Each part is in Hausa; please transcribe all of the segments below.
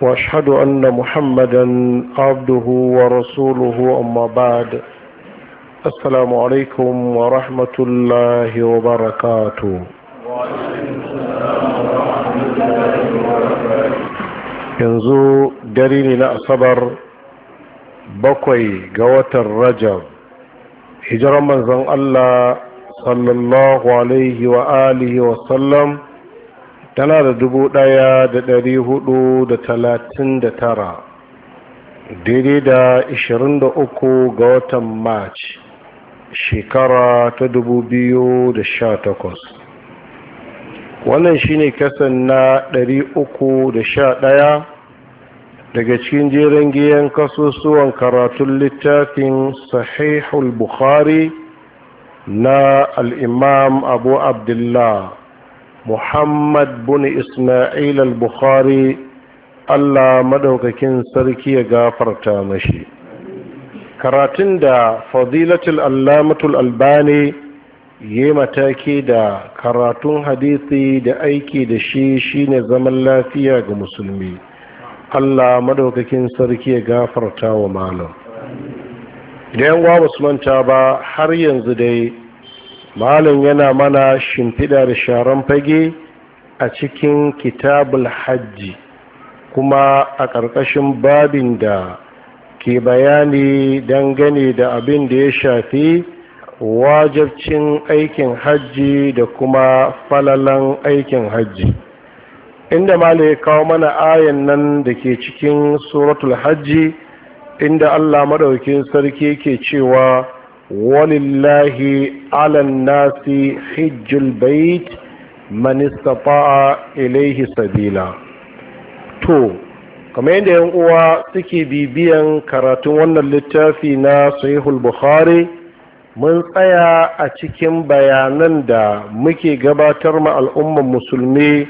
واشهد ان محمدا عبده ورسوله اما بعد السلام عليكم ورحمه الله وبركاته yanzu dare ne na asabar bakwai ga watan rajab hijiran manzon allah sallallahu alaihi wa alihi wa sallam tana da dubu ɗaya da ɗari hudu da talatin da tara daidai da ishirin da uku ga watan march shekara ta dubu biyu da sha takwas wannan shine kasan na ɗari uku da sha ɗaya daga cikin jerin giyan kasusuwan karatun littafin sahihul bukhari na al'imam abu abdullah muhammad bin ismail al-bukhari allah madaukakin sarki ya gafarta mashi karatun da fadilatul allamatul albani ya mataki da karatun hadisi da aiki da shi shine zaman lafiya ga musulmi allah madaukakin sarki ya gafarta wa malam idan wa manta ba har yanzu dai malam yana mana shimfiɗa da sharan fage a cikin kitabul hajji kuma a ƙarƙashin babin da ke bayani dangane da abin da ya shafi wajabcin aikin hajji da kuma falalan aikin hajji inda Malam ya kawo mana ayan nan da ke cikin suratul hajji inda allah maɗaukin sarki ke cewa ولله على الناس حج البيت man sabila to kamar yadda yan uwa suke bibiyan karatun wannan littafi na sahihul bukhari mun tsaya a cikin bayanan da muke gabatar ma al'umman musulmi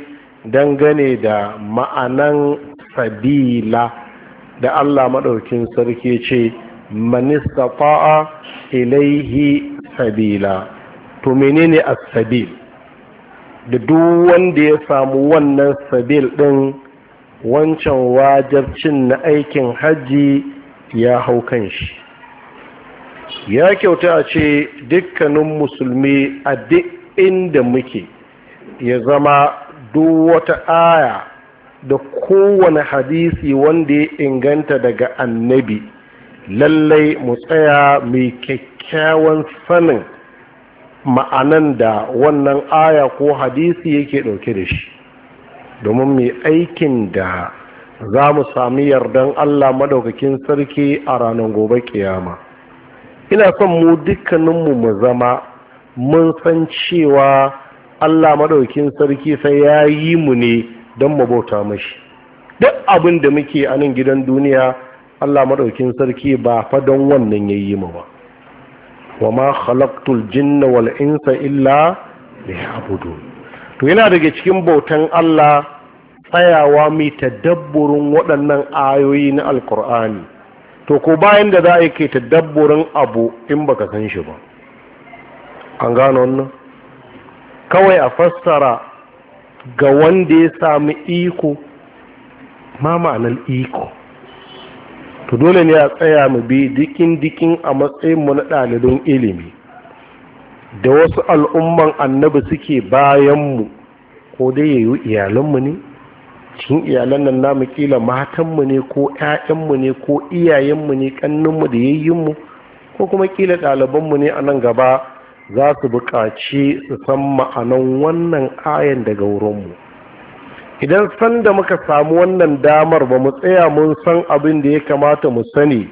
dangane da ma'anan sabila da Allah maɗaukin sarki ce man istata'a ilaihi sabila to menene as-sabil da duk wanda ya samu wannan sabil din wancan wajabcin na aikin hajji ya hau kan shi ya kyauta a ce dukkanin musulmi a duk inda muke ya zama duk wata aya da kowane hadisi wanda ya inganta daga annabi lallai mu tsaya mai kyakkyawan sanin ma'anan da wannan aya ko hadisi yake ɗauke da shi domin mai aikin da za mu sami yardan Allah maɗaukakin sarki a ranar gobe kiyama ina son mu dukkaninmu mu zama mun san cewa Allah maɗaukakin sarki sai ya yi mu ne don mu bauta mashi duk abin da muke a nan gidan duniya Allah maɗaukin sarki ba fa don wannan yayi ma ba wa ma khalaqtul jinna wal insa illa abudu. to yana daga cikin bautan Allah tsayawa mai tadabburin waɗannan ayoyi na alkur'ani to ko bayan da za a yi ke tadabburin abu in baka san shi ba an gano wannan kawai a fassara ga wanda ya sami iko ma ma'anar iko to dole ne a tsaya mu bi dikin dikin a matsayin mu na ɗalibin ilimi da wasu al'umman annabi suke bayan mu ko dai yayi iyalanmu ne cikin iyalan nan namu kila matanmu ne ko ƴaƴanmu ne ko iyayenmu ne kanninmu da yayyinmu ko kuma kila ɗalibanmu ne a nan gaba za su buƙaci su san ma'anan wannan ayan daga wurinmu idan sanda muka samu wannan damar ba mu tsaya mun san abin da ya kamata mu sani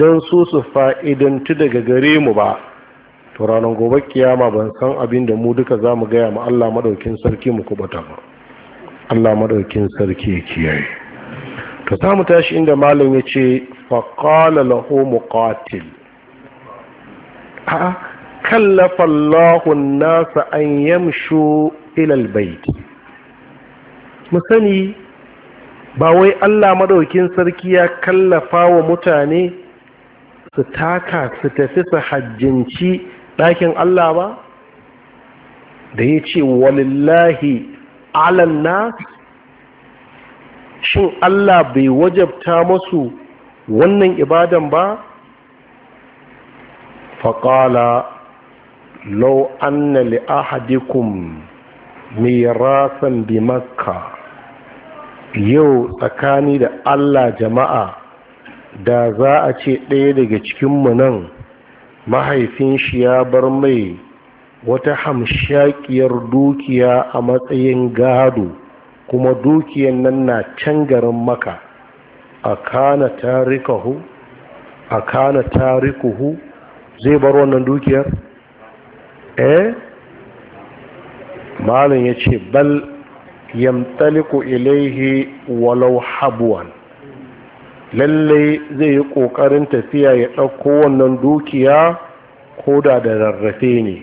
don su su fa'idantu daga gare mu ba to ranar gobe kiyama ban san abin da mu duka za mu gaya ma Allah maɗaukin sarki mu kubata ba Allah maɗaukin sarki ya kiyaye to za mu tashi inda malam ya ce faƙala lahu muqatil a kallafa Allahun nasa an yamshu ilal baiti mu sani ba wai Allah madaukin sarki ya kallafa wa mutane su taka su tafi su hajjinci ɗakin Allah ba da ya ce walillahi alan shin Allah bai wajabta masu wannan ibadan ba faƙala lau na li'ahadikun mai mirasan bi makka yau tsakani da allah jama'a da za a ce ɗaya daga cikinmu nan mahaifin shi ya bar mai wata hamshakiyar dukiya a matsayin gado kuma dukiyan nan na can garin maka a kana tarikahu a kana tarikuhu zai bar wannan dukiyar eh malin ya ce bal yamtaliku ilaihi walau habuwan lalle zai yi ƙoƙarin tafiya ya ɗauko wannan dukiya ko da rarrafe ne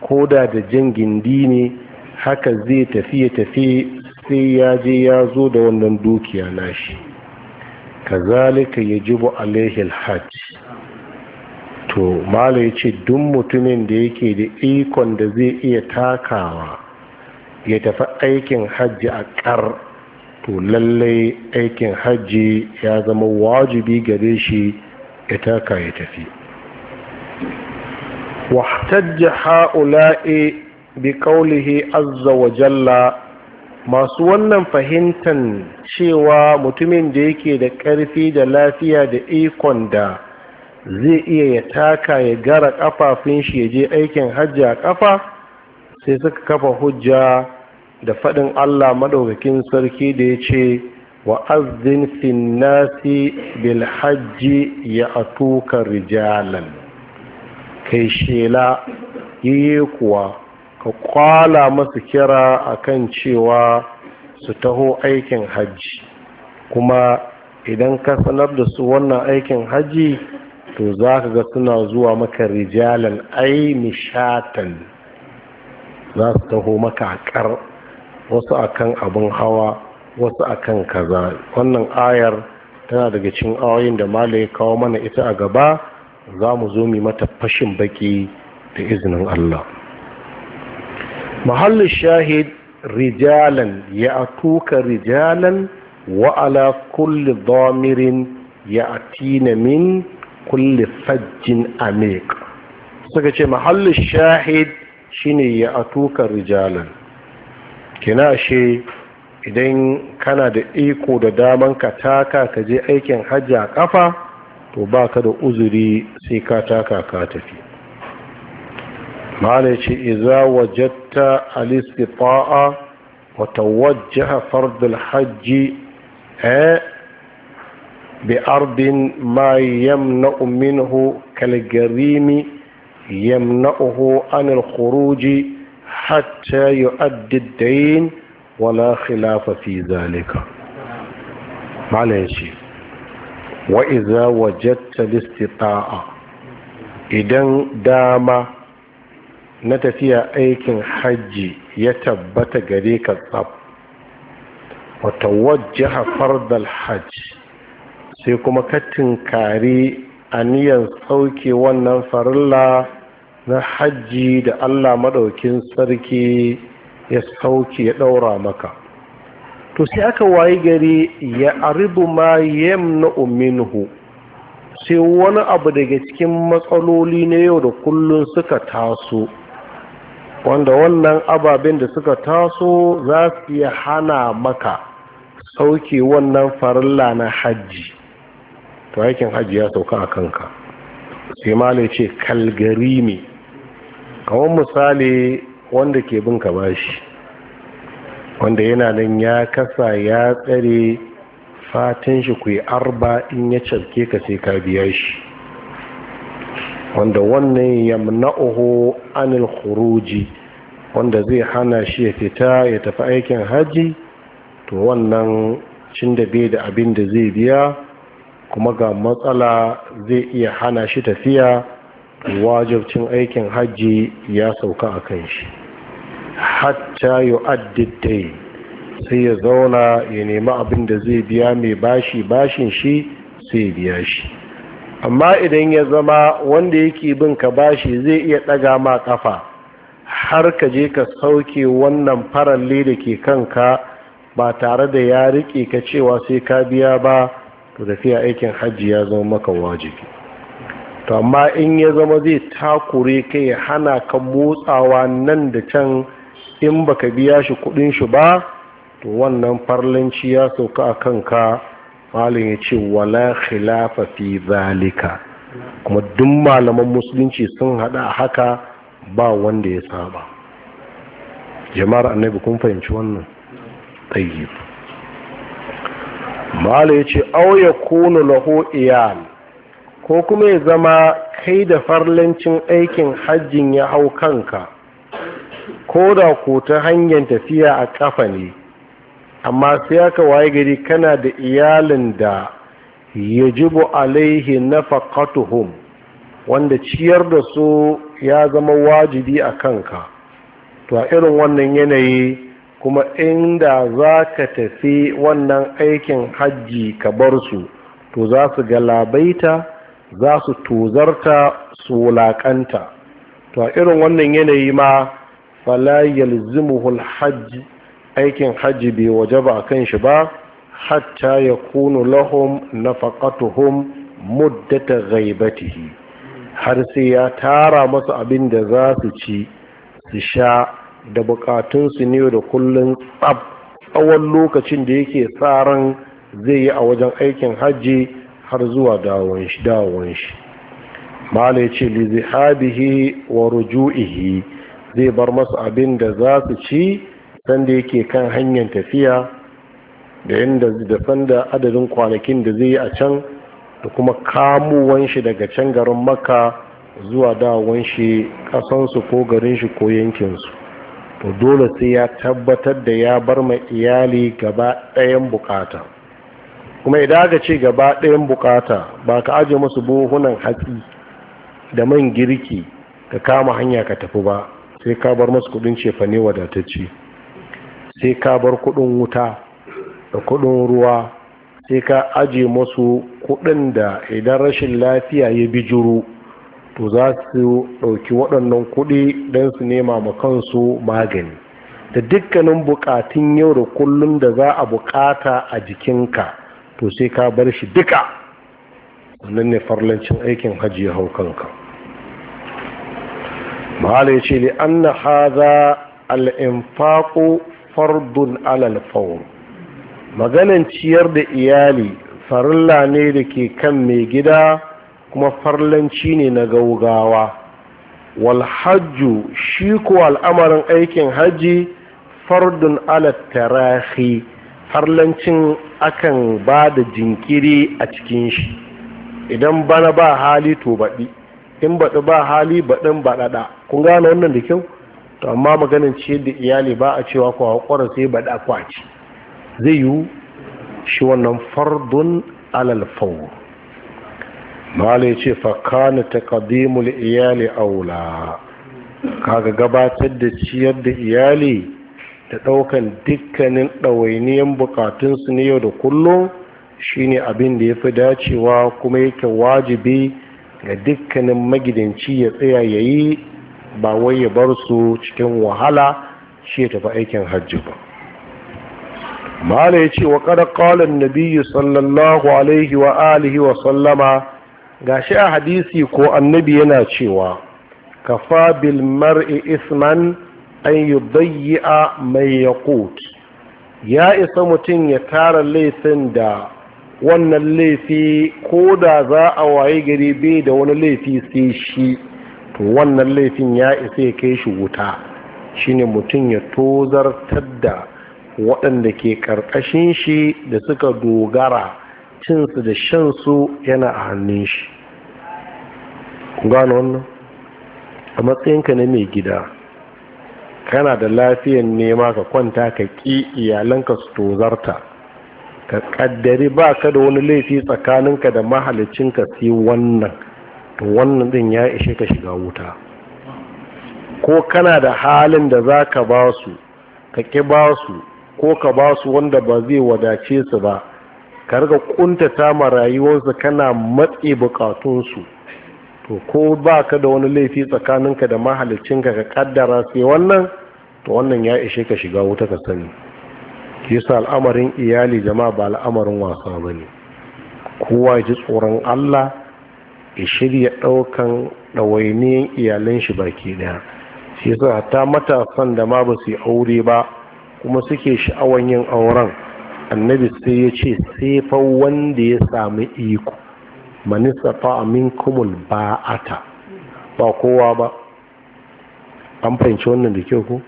ko da da jan gindi ne haka zai tafi tafi sai ya je ya zo da wannan dukiya nashi kazalika jibo alaihil Hajji. to mala ya ce duk mutumin da yake da ikon da zai iya takawa ya tafi aikin hajji a ƙar to lallai aikin hajji ya zama wajibi gare shi ya taka ya tafi wahtajja ha'ula'i bi azza wa jalla masu wannan fahimtan cewa mutumin da yake da ƙarfi da lafiya da ikon da zai iya ya taka ya gara ƙafafin shi ya je aikin hajji a ƙafa sai suka kafa hujja da faɗin Allah maɗaukakin sarki da ya ce wa azzin finnasi bil hajji ya atuka rijalan kai shela yi kuwa ka kwala masu kira kan cewa su taho aikin hajji kuma idan ka sanar da su wannan aikin hajji to za ka ga suna zuwa maka rijalan ai nishatan za su taho maka a kar wasu akan abin hawa wasu akan kaza wannan ayar tana daga cin ayoyin da mala ya kawo mana ita a gaba za mu zo mu mata fashin baki da izinin Allah mahallin shahid rijalan ya tuka rijalan wa ala kulli dhamirin ya atina min kulli fajjin Amik. suka ce mahallin shahid shine ya atuka rijalan kina she idan kana da iko da daman ka taka ka je aikin hajji a kafa to baka da uzuri sai ka taka ka tafi Mane ce iza wajatta alistifa'a istitaa wa tawajjaha fard al eh, bi ardin ma yamna'u minhu kal-garimi يمنعه عن الخروج حتى يؤدي الدين ولا خلاف في ذلك معنى شيء وإذا وجدت الاستطاعة إذا دام نتفيا أيكن حج يتبت غريك الطب وتوجه فرض الحج سيكما كتنكاري أنيا سوكي وننفر الله na hajji da allah maɗaukin sarki ya sauki ya ɗaura maka to sai aka wayi gari ya aribu ma yamna minhu sai wani abu daga cikin matsaloli na yau da kullun suka taso wanda wannan ababen da suka taso za su iya hana maka sauke wannan farilla na hajji to aikin hajji ya sauka a kanka sai malai ce kalgari ne kawon misali wanda ke bin ka bashi wanda yana nan ya kasa ya tsare fatin shi ku yi arba in ya cafke ka sai ka biya shi wanda wannan yamna'uhu anil khuruji wanda zai hana shi ya fita ya tafi aikin haji to wannan cin da bai da abin da zai biya kuma ga matsala zai iya hana shi tafiya wajibcin aikin hajji ya sauka a kan shi hatta yi sai ya zauna ya nemi abin da zai biya mai bashi bashin shi sai biya shi amma idan ya zama wanda yake bin ka bashi zai iya ɗaga ma ƙafa, har ka je ka sauke wannan faralle da ke kanka ba tare da ya riƙe ka cewa sai ka biya ba to tafiya aikin hajji ya zama maka wajibi to amma in ya zama zai takure kai ya hana ka motsawa nan da can in baka biya shi kudin shi ba to wannan farlanci ya sauka a kanka malin ya ce wala khilafa fi zalika kuma duk malaman musulunci sun hada a haka ba wanda ya saba jama'ar annabi kun fahimci wannan tayyib malin ya ce au ya lahu iyal ko kuma ya zama kai da farlancin aikin hajjin ya hau kanka ko da ko ta hanyar tafiya a kafa ne amma sai aka waye gari kana da iyalin da ya bu alaihi na faƙatuhun wanda ciyar da su ya zama wajibi a kanka to a irin wannan yanayi kuma inda za ka tafi wannan aikin hajji ka bar su to za su galabaita za su tozarta su wulaƙanta to a irin wannan yanayi ma falayyar zimuhul hajji aikin hajji bai waje ba a kan shi ba hatta ya kunu lahum na faƙatuhun muddata ghaibatihi har sai ya tara masu abin da za su ci su sha da buƙatunsu ne da kullum tsab tsawon lokacin da yake tsaron zai yi a wajen aikin hajji har zuwa dawon shi dawon shi malai yace li zihabihi wa ruju'ihi zai bar masu abin da za su ci sanda yake kan hanyar tafiya da yanda da sanda adadin kwanakin da zai yi a can da kuma kamuwan shi daga can garin makka zuwa dawon shi kasansu ko garin shi ko yankinsu to dole sai ya tabbatar da ya bar ma iyali gaba ɗayan bukata kuma idan aka ce gaba ɗayan bukata ba ka aje musu buhunan hatsi da man girki ka kama hanya ka tafi ba sai ka bar masu kudin cefane wadatacce sai ka bar kudin wuta da kudin ruwa sai ka aje masu kudin da idan rashin lafiya ya bi bijiro to za su ɗauki waɗannan kuɗi don su nema ma kansu magani da dukkanin bukatun yau da kullum da za a bukata a jikinka to sai ka bar shi duka wannan ne farlancin aikin hajji ya hau kanka mahala ya ce li anna haza al'infaƙo fardun alal maganin ciyar da iyali farilla ne da ke kan mai gida kuma farlanci ne na gaugawa walhajju shi ko al'amarin aikin hajji fardun alatarahi harlancin akan ba da jinkiri a cikin shi idan bana ba hali to baɗi in baɗi ba hali baɗin ba baɗaɗa kun gane wannan da kyau to amma maganin ciyar da iyali ba a cewa ku haƙura sai baɗa kwaci zai yiwu shi wannan fardun alal fawr ya ce fakana ta kadimul iyali aula ga gabatar da ciyar da iyali da ɗaukan dukkanin ɗawainiyan bukatunsu na yau da kullum shine abin da ya fi dacewa kuma yake wajibi ga dukkanin magidanci ya tsaya ya yi ba wai ya bar su cikin wahala shi ya tafi aikin hajji ba mala ya ce wa kada kalan nabiyu sallallahu alaihi wa alihi wa sallama gashi a hadisi ko annabi yana cewa kafa bil mar'i isman an yi a mai yaƙut ya isa mutum ya tara laifin da wannan laifi ko da za a waye gari bai da wani laifi sai shi to wannan laifin ya isa ya kai shi wuta shine mutum ya tozartar da waɗanda ke ƙarƙashin shi da suka dogara cinsu da shansu yana a hannun shi gano wannan a matsayinka na mai gida kana da lafiyan nema ka kwanta ka ƙi iyalanka su tozarta ka ƙaddari ba ka da wani laifi tsakaninka da mahalicinka sai wannan to wannan din ya ishe ka shiga wuta ko kana da halin da za ka ba su ka ƙi ba su ko ka ba su wanda ba zai wadace su ba ka riga kunta ma rayuwarsu kana matse bukatunsu to ko ba ka da wani laifi tsakaninka da mahalicinka ka kaddara sai wannan to wannan ya ishe ka shiga wuta ka sani yasa al'amarin iyali jama'a ba al'amarin wasa ba ne kowa ji tsoron allah ya shirya ɗaukan ɗawainiyar iyalan shi baki daya shi yasa hata matasan da ma ba su yi aure ba kuma suke sha'awan yin auren annabi sai ya ce sai fa wanda ya sami iko manisa fa minkumul ba'ata ba kowa ba an fahimci wannan da kyau ko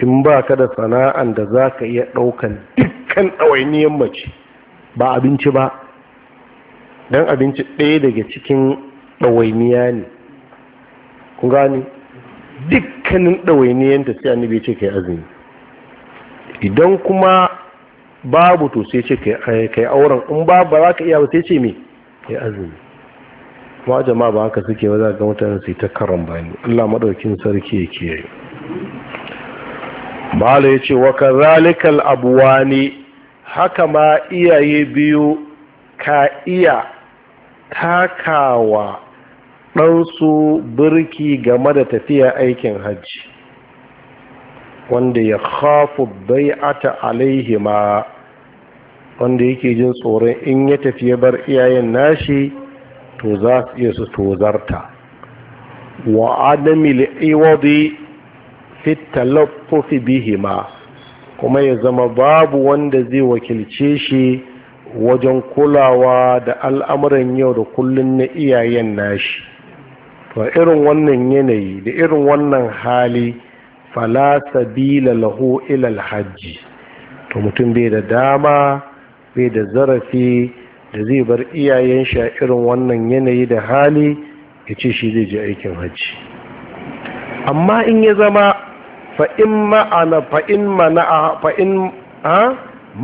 in ba ka da sana'an da za ka iya ɗaukan dukkan ɗawainiyar mace ba abinci ba don abinci ɗaya daga cikin ɗawainiya ne ku gani dukkanin ɗawainiyar da sai annabi ce kai azumi idan kuma babu to sai ce kai eh, auren in ba ba za ka iya ba sai ce me kai azumi ma jama'a ba haka suke ba za ga mutane su ta karan bani Allah maɗaukin sarki ya kiyaye mala ya ce wa abuwa ne haka ma iyaye biyu ka iya takawa ɗansu birki game da tafiya aikin hajji wanda ya khafu bai'ata alaihima wanda yake jin tsoron in ya tafiye bar iyayen nashi to za su iya su tozarta wa adami li'iwadi bihi bihima kuma ya zama babu wanda zai wakilce shi wajen kulawa da al'amuran yau da kullum na iyayen nashi to irin wannan yanayi da irin wannan hali fala sabila lahu ilal hajji to mutum bai da dama bai da zarafi da zai bar iyayen shi a irin wannan yanayi da hali ya ce shi zai je aikin hajji amma in ya zama Fa'in ma'ana fa'in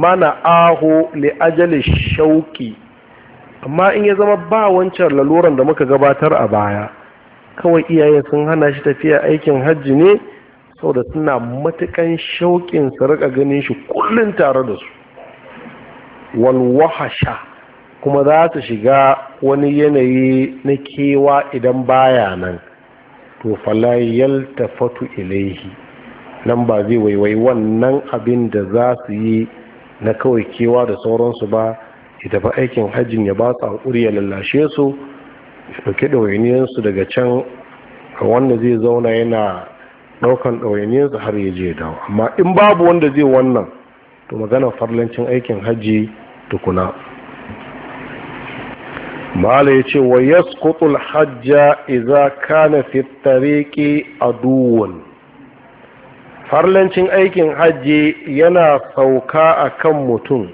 mana aho ajali shauƙi, amma in ya zama ba wancan laluran da muka gabatar a baya kawai iyaye sun hana shi tafiya aikin hajji ne saboda suna matukan shauƙin su rika ganin shi kullum tare da su walwahasha kuma za su shiga wani yanayi na kewa idan baya nan to fala yaltafatu ilaihi nan ba zai waiwai wannan abin da za su yi na kawai kewa da sauransu ba ya tafi aikin hajjin ya ba su haƙuri ya lallashe su ya ɗawainiyarsu daga can wanda zai zauna yana ɗaukan ɗawainiyarsu har ya je dawo amma in babu wanda zai wannan to magana farlancin aikin hajji tukuna mala ya ce wa yasqutul hajja iza kana fi tariqi aduwwan farlancin aikin hajji yana sauka a kan mutum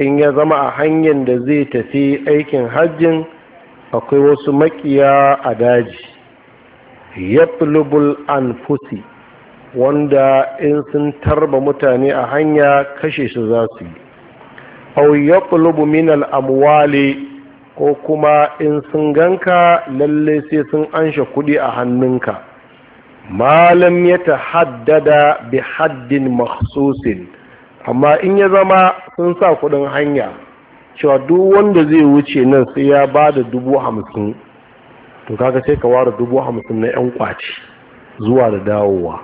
in ya zama a hanyar da zai tafi aikin hajjin akwai wasu makiya a daji an fusi wanda in sun tarba mutane a hanya kashe su za su yi au yatlubu min amwali ko kuma in sun ganka lalle sai sun ansha kudi a hannunka malam ya haddada bi haddin makhsusin amma in ya zama sun sa kudin hanya cewa duk wanda zai wuce nan sai ya ba da dubu hamsin to kaga sai ka ware dubu hamsin na yan kwaci zuwa da dawowa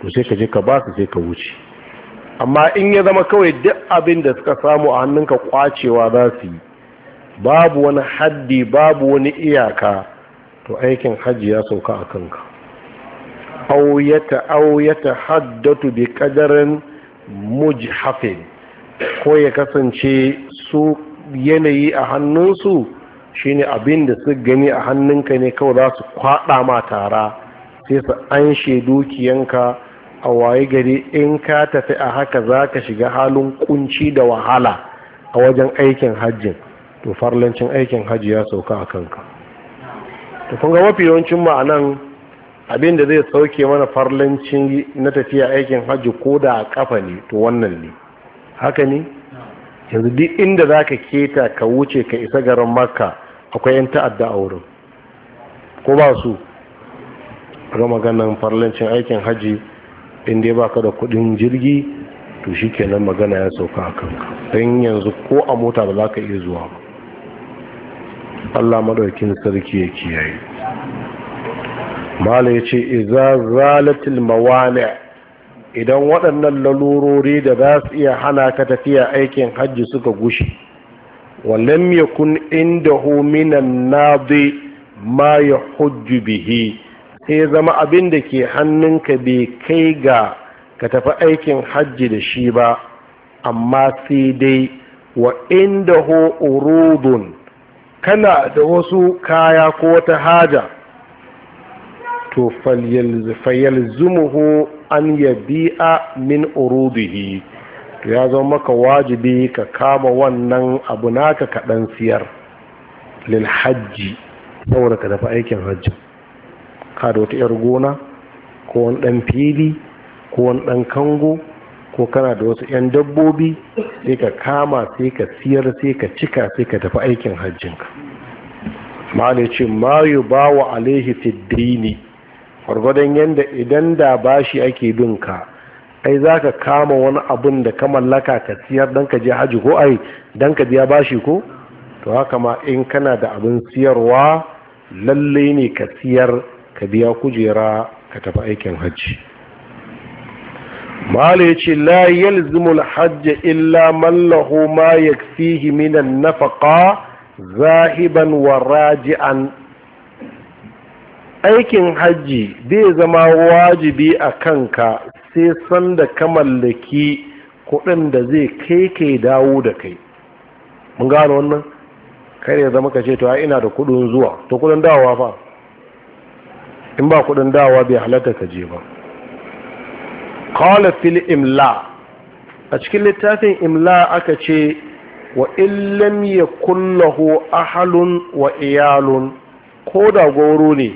to sai ka je ka ba sai ka wuce amma in ya zama kawai duk abin da suka samu a hannunka kwacewa za su yi babu wani haddi babu wani iyaka to aikin hajji ya sauka a kanka Auyata auyata haddatu bi qadarin mujhafin ko ya kasance su yanayi a hannunsu shine abin da su gani a hannunka ne kawai za su kwaɗa ma tara sai su an dukiyanka a waye gari in ka tafi a haka za ka shiga halin kunci da wahala a wajen aikin hajjin to farlancin aikin hajji ya sauka a kanka to kun ga mafi yawancin ma'anan abin da zai sauke mana farlancin na tafiya aikin hajji ko da a kafa ne to wannan ne haka ne yanzu duk inda za ka keta ka wuce ka isa garin maka, akwai 'yan ta'adda a wurin ko ba su ga maganan farlancin aikin hajji inda ya baka da kudin jirgi to shi kenan magana ya sauka a kanka don yanzu ko a mota ba za ka iya zuwa ba allah maɗaukin sarki ya kiyaye mala ya ce iza mawani idan waɗannan lalurori da za su iya hana ka tafiya aikin hajji suka gushi wallam yakun indahu minan nadi ma ya hujju bihi sai zama abin da ke hannunka bai kai ga ka tafi aikin hajji da shi ba amma sai dai wa ho urudun kana da wasu kaya ko wata haja to fayyalzumuhu an yabi'a min urudihi to ya zama maka wajibi ka kama wannan abu naka kaɗan siyar lil saboda ka dafa aikin hajji ka da wata 'yar gona ko wani ɗan fili ko wani ɗan kango ko kana da wasu 'yan dabbobi sai ka kama sai ka siyar sai ka cika sai ka tafi aikin hajjinka ne ce ma yi ba wa alaihi fiddini gwargwadon yadda idan da bashi ake bin ka ai za ka kama wani abun da ka mallaka ka siyar don ka je haji ko ai don ka biya bashi ko to haka ma in kana da abin siyarwa lalle ne ka siyar ka biya kujera ka tafi aikin hajji mala ya ce la zumul hajji illa mallahu ma yakfihi minan nafaka zahiban wa raji'an aikin hajji zai zama wajibi a kanka sai sanda ka mallaki kudin da zai kai kai dawo da kai mun gano wannan kar ya zama ka ce to ina da kudin zuwa to kudin dawowa fa in ba kudin dawowa bai halatta ka je ba qala fil imla a cikin littafin imla aka ce wa illam yakullahu ahalun wa iyalun ko da goro ne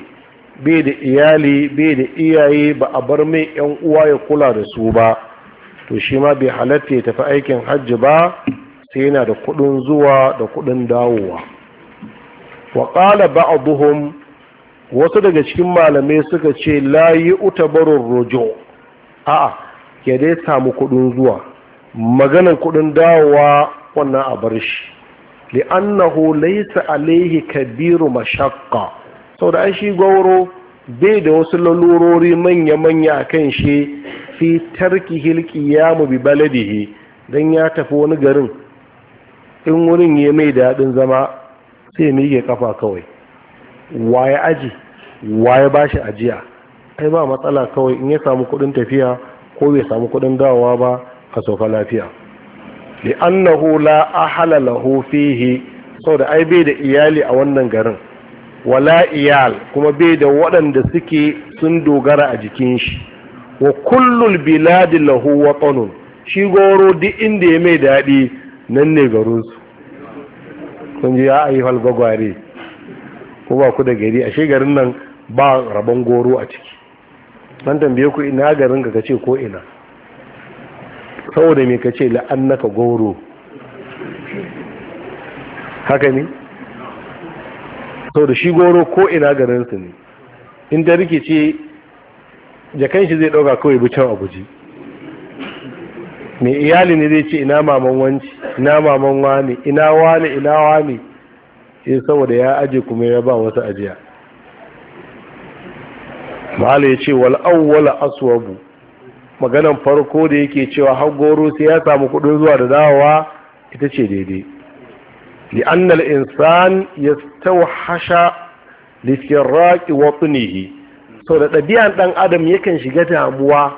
bai da iyali bai da iyaye ba a bar mai yan uwa ya kula da su ba to shi ma bai halatta ya tafi aikin hajji ba sai yana da kudin zuwa da kudin dawowa wa qala ba'dhum wasu daga cikin malamai suka ce la yi utabarun rojo a'a ya dai samu kudin zuwa maganin kudin dawowa wannan a bar shi li'annahu laysa alaihi kabiru mashaqqa sau da shi gwauro bai da wasu lalurori manya-manya a kan shi fi tarki hilki ya mu bi baladihi don ya tafi wani garin in wurin ya mai daɗin zama sai ke kafa kawai waye aji waye ba shi ajiya ai ba matsala kawai in ya samu kuɗin tafiya ko bai samu kuɗin dawowa ba a sofa lafiya li annahu la ahala lahu fihi saboda ai bai da iyali a wannan garin wala iyal kuma bai da waɗanda suke sun dogara a jikin shi wa kullul biladi lahu watanun shi goro duk inda ya mai daɗi nan ne garinsu kun ji ya ayi halgagware ko ba ku da gari a garin nan ba rabon goro a ciki an tambaye ku ina garin ka kace ko ina saboda me kace la'annaka goro haka ne sau da shi goro ko ina garinsu ne in da rikici jakan shi zai ɗauka kawai bucan guji. mai iyali ne zai ce ina maman wanci ina maman wani ina wani ina wani sai saboda ya aje kuma ya ba wasu ajiya mahala ya ce wal aswabu maganan farko da yake cewa har goro sai ya samu kudin zuwa da dawowa ita ce daidai لأن الإنسان يستوحش لفراق وطنه so da ɗabi'an ɗan adam yakan shiga damuwa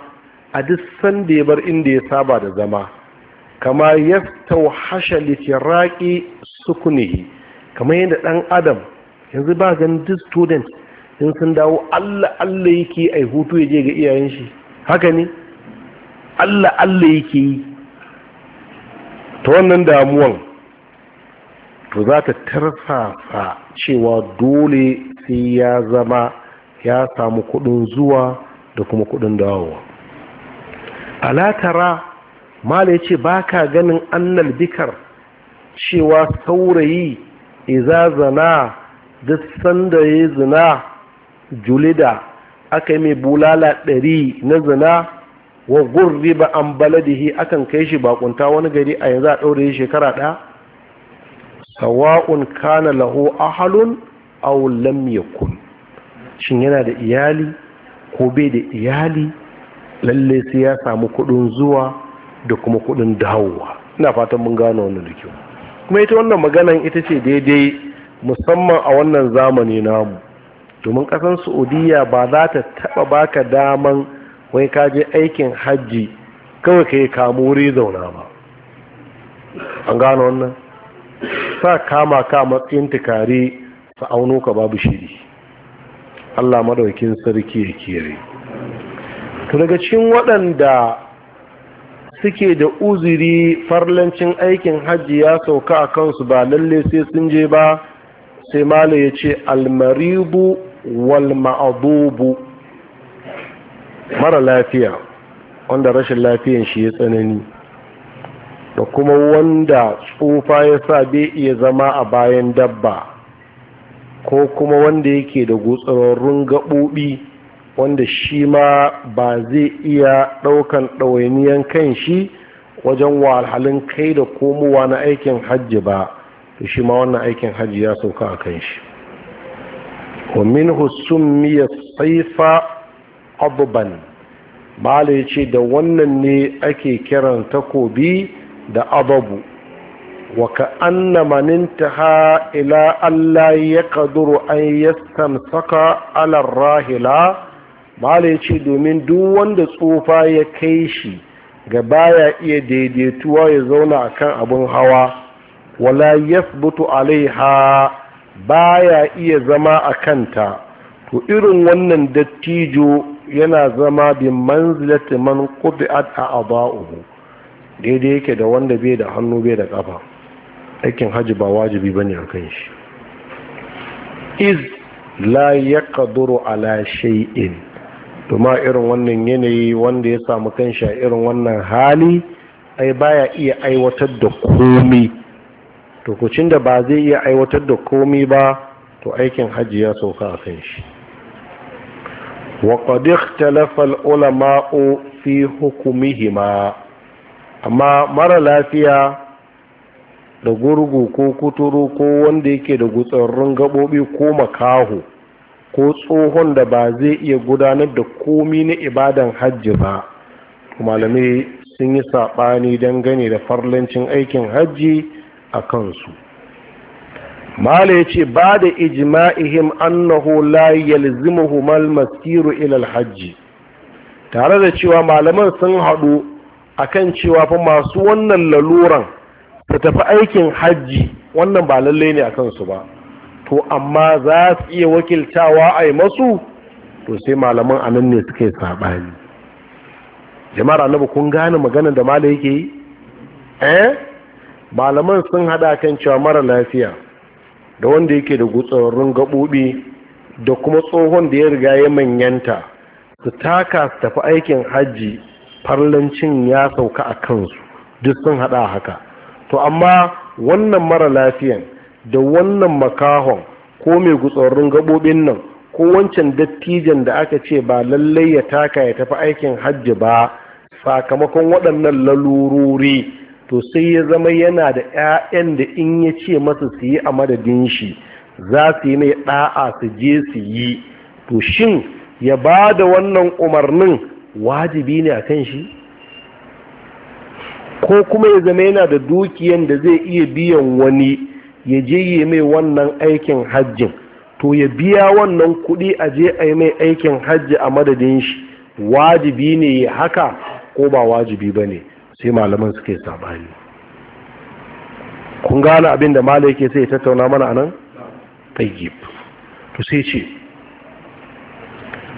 a duk sanda ya bar inda ya saba da zama kama ya tauhasha litiraki sukunihi kamar yadda ɗan adam yanzu ba gan duk student in sun dawo allah allah yake ai hutu ya je ga iyayen shi haka ne allah allah yake yi ta wannan damuwan to za ta tarfafa cewa dole sai ya zama ya samu kudin zuwa da kuma kudin dawowa alatara mala ya ce ba ka ganin annal bikar cewa saurayi iza zana duk sanda ya zina julida aka yi mai bulala ɗari na zina wa gurri ba an baladihi akan kai shi bakunta wani gari a yanzu a ɗaure shekara ɗaya sawa'un kana lahu ahalun aw lam yakun shin yana da iyali ko bai da iyali lalle sai ya samu kudin zuwa da kuma kudin dawowa ina fatan mun gano wannan da kyau kuma ita wannan maganan ita ce daidai musamman a wannan zamani namu domin kasan saudiya ba za ta taba baka daman wai ka je aikin hajji kawai ka yi kamo wuri zauna ba an gano wannan sa kama ka matsayin tukare su auno ka babu shiri Allah madaukin sarki ya kere to daga cikin waɗanda suke da uzuri farlancin aikin hajji ya sauka a kansu ba lalle sai sun je ba sai malo ya ce almaribu wal ma'adubu mara lafiya wanda rashin lafiyan shi ya tsanani da kuma wanda tsufa ya sa bai iya zama a bayan dabba ko kuma wanda yake da gutsurorin gaɓoɓi wanda shi ma ba zai iya ɗaukan ɗawainiyan kan shi wajen wahalhalin kai da komowa na aikin hajji ba to shi ma wannan aikin hajji ya sauka a kan shi ومن سمي الصيف أضبا bala ya ce da wannan ne ake kiran takobi da adabu wa ka anna ha ila Allah ya kaduru an saka alar rahila malai ce domin duk wanda tsofa ya kai shi ga baya iya daidaituwa ya zauna kan abin hawa wala yasbutu alaiha baya iya zama a kanta to irin wannan dattijo yana zama bin manzilati man a aba'uhu daidai yake da wanda bai da hannu bai da kafa aikin hajji ba wajibi bane a kan shi iz la yaqdiru ala shay'in kuma irin wannan yanayi wanda ya samu kanshi a irin wannan hali ai baya iya aiwatar da komi to kucin da ba zai iya aiwatar da komi ba to aikin hajji ya sauka a kan shi wa qad ikhtalafa al ulama fi hukmihima amma mara lafiya da gurgu ko kuturu ko wanda yake da gutsarin gaɓoɓi ko makaho ko tsohon da ba zai iya gudanar da komi na ibadan hajji ba malamai sun yi saɓani gani da farlancin aikin hajji a kansu mala ya ce ba da ijma'ihim annahu la yalzimuhum humal, masiru ilal hajji tare da cewa malaman sun haɗu akan cewa fa masu wannan laluran su tafi aikin hajji wannan ba lalle ne a kansu ba to amma za su iya wakiltawa a yi masu to sai malaman anan ne suka yi saɓani jama'ar annabi kun gane maganar da mala yake yi eh malaman sun hada kan cewa mara lafiya da wanda yake da gutsarin gabobi da kuma tsohon da ya riga ya manyanta su taka su tafi aikin hajji farlancin ya sauka a kansu duk sun hada haka to amma wannan mara lafiyan da wannan makahon ko mai gutsorin gabobin nan ko wancan dattijan da aka ce ba lallai ya taka ya tafi aikin hajji ba sakamakon waɗannan lalurori to sai ya zama yana da 'ya'yan da in ya ce masu su yi a madadin shi za su yi mai ɗa'a su je su yi to shin ya ba da wannan umarnin wajibi ne a kan shi ko kuma ya zama yana da dukiyan da zai iya biyan wani ya je yi mai wannan aikin hajjin to ya biya wannan kuɗi a je a yi mai aikin hajji a madadin shi wajibi ne ya haka ko ba wajibi ba ne sai malaman suke sabani kun gane abin da malai ke sai ya tattauna mana a nan? tayyib to sai ce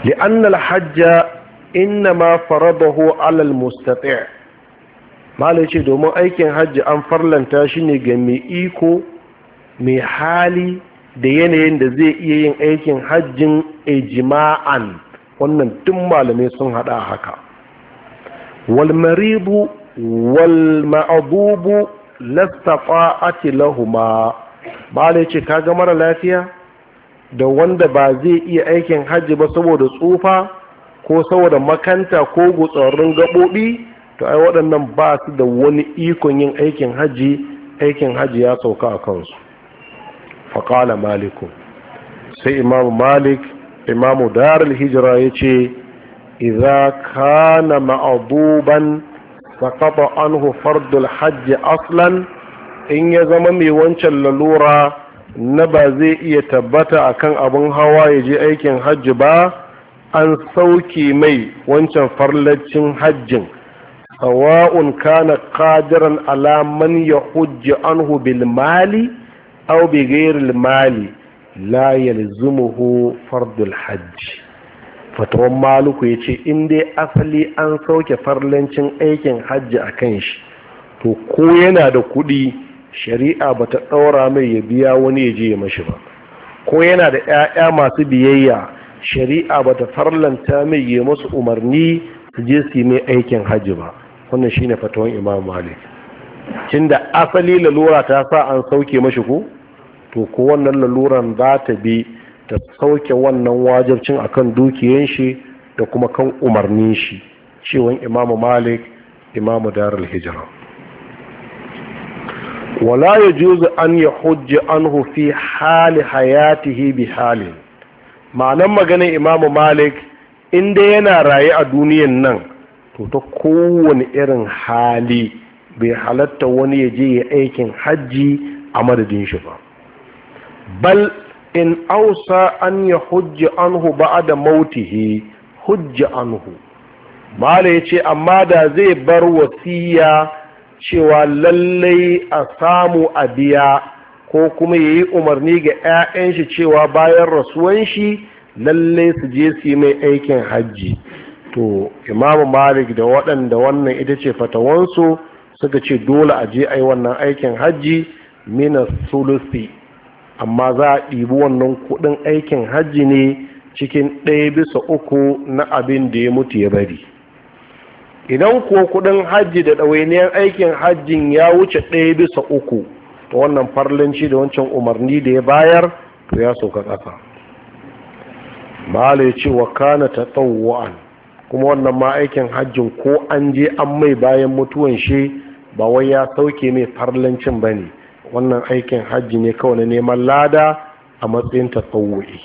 li'annal hajja inna ma faradahu alal mustati' malai ce domin aikin hajji an farlanta shi ne ga mai iko mai hali da yanayin da zai iya yin aikin hajjin ijma'an wannan duk malamai sun hada haka wal maribu wal ma'abubu lastafa'ati lahuma malai ce kaga mara lafiya da wanda ba zai iya aikin hajji ba saboda tsufa ko saboda makanta ko gutsarin gaɓoɓi to ai waɗannan ba su da wani ikon yin aikin hajji aikin hajji ya sauka a kansu faƙala maliku sai imamu malik imamu darul hijira ya ce iza kana ma'aduban saƙaɓa anhu fardul hajji aslan in ya zama mai wancan lalura na ba zai iya tabbata akan abin hawa ya je aikin hajji ba an sauke mai wancan farlacin hajjin sawa'un kana qadiran ala man yahujji anhu bil mali aw bi mali la yalzumuhu fardul hajj fatawan maluku ya ce in dai asali an sauke farlancin aikin hajji a kan shi to ko yana da kuɗi shari'a ba ta ɗaura mai ya biya wani ya je ya mashi ba ko yana da 'ya'ya masu biyayya shari'a ba ta farlanta mai yi masu umarni su je su yi mai aikin hajji ba wannan shine fatawan imam malik cin da asali lalura ta sa an sauke mashi ko to ko wannan laluran za ta bi ta sauke wannan wajibcin kan dukiyan shi da kuma kan umarnin shi cewan imam malik imam darul hijra wala yajuzu an yahujja anhu fi hali hayatihi bi halin ma'anan maganin imamu malik inda yana raye a duniyan nan to ta kowane irin hali bai halatta wani ya je ya aikin hajji a madadin shi ba bal in ausa an ya hujji anhu da mautihi hujji anhu mala ya ce amma da zai bar wasiya cewa lallai a samu a biya ko kuma ya yi umarni ga 'ya'yan shi cewa bayan rasuwan shi lalle su je su yi mai aikin hajji to imamu malik da waɗanda wannan ita ce fatawansu suka ce dole a je a yi wannan aikin hajji mina sulusi amma za a ɗibi wannan kuɗin aikin hajji ne cikin ɗaya bisa uku na abin da ya mutu ya bari idan ko kuɗin hajji da ɗawainiyar aikin hajjin ya wuce ɗaya bisa uku to wannan farlanci da wancan umarni da ya bayar to ya sauka ƙasa mahala ya ce wa kana ta tsawon kuma wannan ma aikin hajjin ko an je an mai bayan mutuwan shi ba wai ya sauke mai farlancin ba ne wannan aikin hajji ne kawai na neman lada a matsayin ta tsawo'i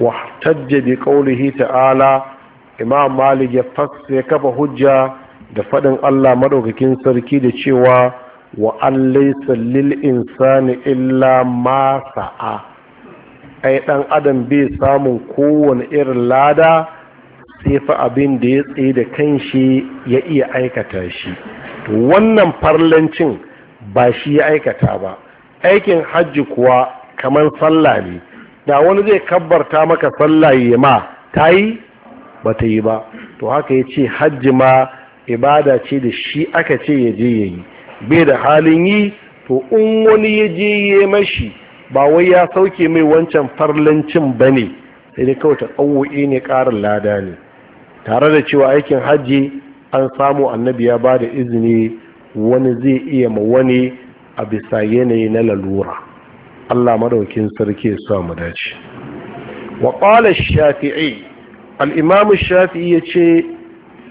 wa tajjabi qaulihi ta'ala imam malik ya kafa hujja da faɗin allah maɗaukakin sarki da cewa wa an laysa lil insani illa ma sa'a ai dan adam bai samun kowane irin lada sai fa abin da ya tsaye da kanshi ya iya aikata shi to wannan farlancin ba shi ya aikata ba aikin hajji kuwa kamar sallah ne da wani zai kabbarta maka sallah ya ma ta yi ba ta yi ba to haka ya ce hajji ma ibada ce da shi aka ce ya je ya yi bai da halin yi to in wani ya je ya mashi ba wai ya sauke mai wancan farlancin ba ne sai ne kawai ta tsawo'e ne ƙarin lada ne tare da cewa aikin hajji an samu annabi ya ba da izini wani zai iya ma wani a bisa yanayi na lalura allah madaukin sarki ya sa mu dace wa shafi'i al'imamu shafi'i ya ce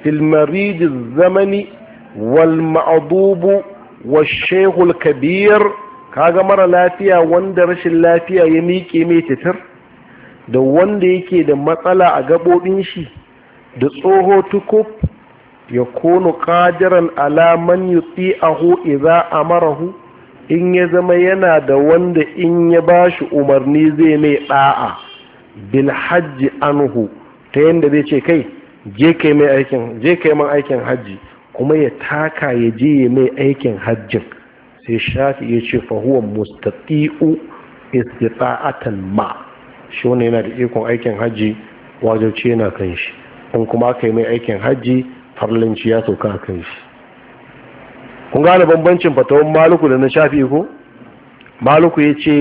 filmarijin zamani wal ma'adubu wa shehul kabir kaga mara lafiya wanda rashin lafiya ya miƙe mai titir da wanda yake da matsala a gaɓoɓin shi da tsoho tukuf ya kono ƙadiran alaman yutsi ahu iza marahu? in ya zama yana da wanda in ya ba shi umarni zai mai ɗa'a bilhajji anhu ta yadda zai ce kai je kai mai aikin aikin hajji kuma ya taka ya je ya mai aikin hajjin sai shafi ya ce fahuwan mustaɗi'u istita'atan ma shi wani yana da ikon aikin hajji wajauci yana kan shi in kuma aka yi mai aikin hajji farlanci ya sauka a kan shi kun gane bambancin fatawan maluku da na shafi ko maluku ya ce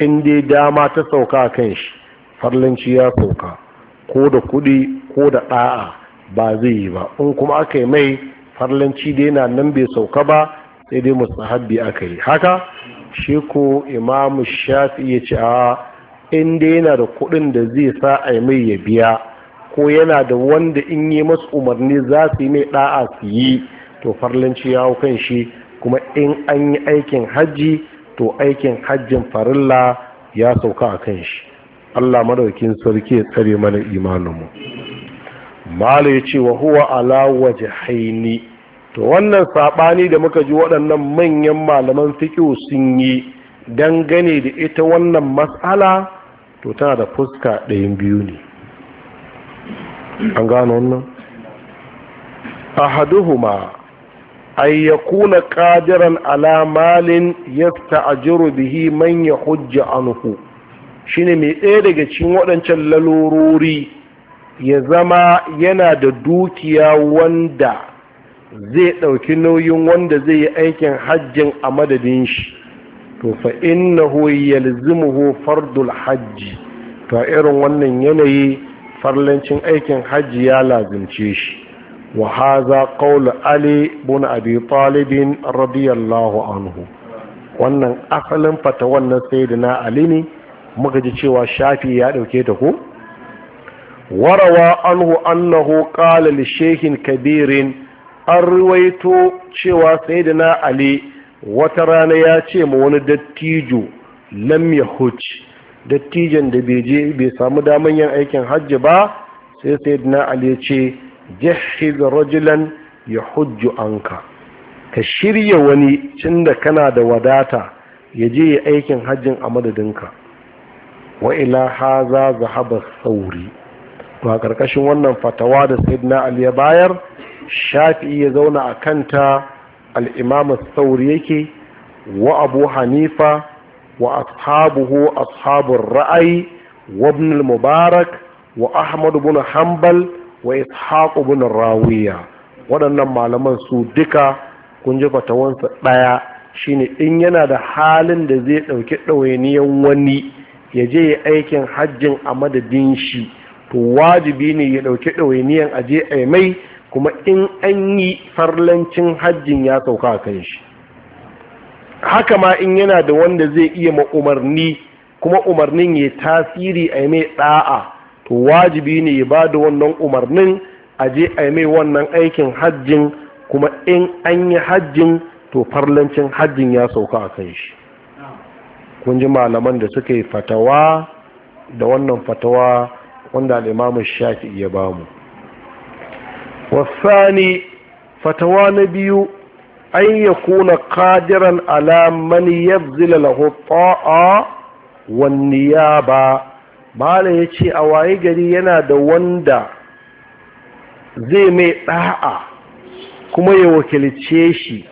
in dai dama ta sauka a kan shi farlanci ya sauka ko da kudi ko da ɗa'a ba zai yi ba in kuma aka yi mai farlanci da yana nan bai sauka ba sai dai musahabbi aka yi haka shi ko imamu shafi ya ce a inda yana da kuɗin da zai sa a mai ya biya ko yana da wanda in yi masu umarni za su yi mai ɗa'a su yi to farlanci ya hau kan shi kuma in an yi aikin hajji to aikin hajjin farilla ya sauka a kan shi allah madaukin sarki ya tsare mana imaninmu mala ya ce wa huwa ala waje haini to wannan saɓani da muka ji waɗannan manyan malaman fiƙo sun yi dangane da ita wannan matsala to tana da fuska ɗayan biyu ne an gano wannan ahaduhuma ay yakuna ƙajiran ala malin yasta'jiru bihi man yahujja shi shine mai ɗaya daga cikin waɗancan lalurori ya zama yana da dukiya wanda zai ɗauki nauyin wanda zai yi aikin hajjin a madadin shi to fa innahu yalzimuhu fardul hajji to irin wannan yanayi farlancin aikin hajji ya lazimce shi wa haza qawlu ali buna abi talib radiyallahu anhu wannan asalin fata wannan sayyidina ali ne muka ji cewa shafi ya ɗauke ta ko warawa anhu annahu qala shehin kabirin an ruwaito cewa sayyidina ali wata rana ya ce ma wani dattijo lam yahuj dattijon da bai je bai samu daman yin aikin hajji ba sai sayyidina ali ya ce jahiz rajulan yahujju anka ka shirya wani cin kana da wadata ya je aikin hajjin a madadinka wa ila haza zahaba sauri to a ƙarƙashin wannan fatawa da saidina ali bayar shafi'i ya zauna a kanta al'imama sauri yake wa abu hanifa wa ashabuhu ashabun ra'ayi wa ibn mubarak wa Ahmadu bin hambal wa ishaq bin rawiya waɗannan malaman su duka kun ji fatawansa ɗaya shine in yana da halin da zai ɗauki ɗawainiyan wani ya je ya aikin hajjin a madadin shi to wajibi ne ya ɗauki ɗawainiyan aje a mai kuma in an yi farlancin hajjin ya sauka a kan shi haka ma in yana da wanda zai iya ma umarni kuma umarnin ya tasiri a mai ɗa'a to wajibi ne ya ba da wannan umarnin aje a mai wannan aikin hajjin kuma in an yi hajjin to farlancin hajjin ya sauka a kan shi kun ji malaman da suka yi fatawa da wannan fatawa wanda al'imamu shafi'i ya ba mu wasani fatawa na biyu an ya kuna kadiran alamani ya zila lahu ta'a wani ya ba ya ce a waye gari yana da wanda zai mai ɗa'a kuma ya wakilce shi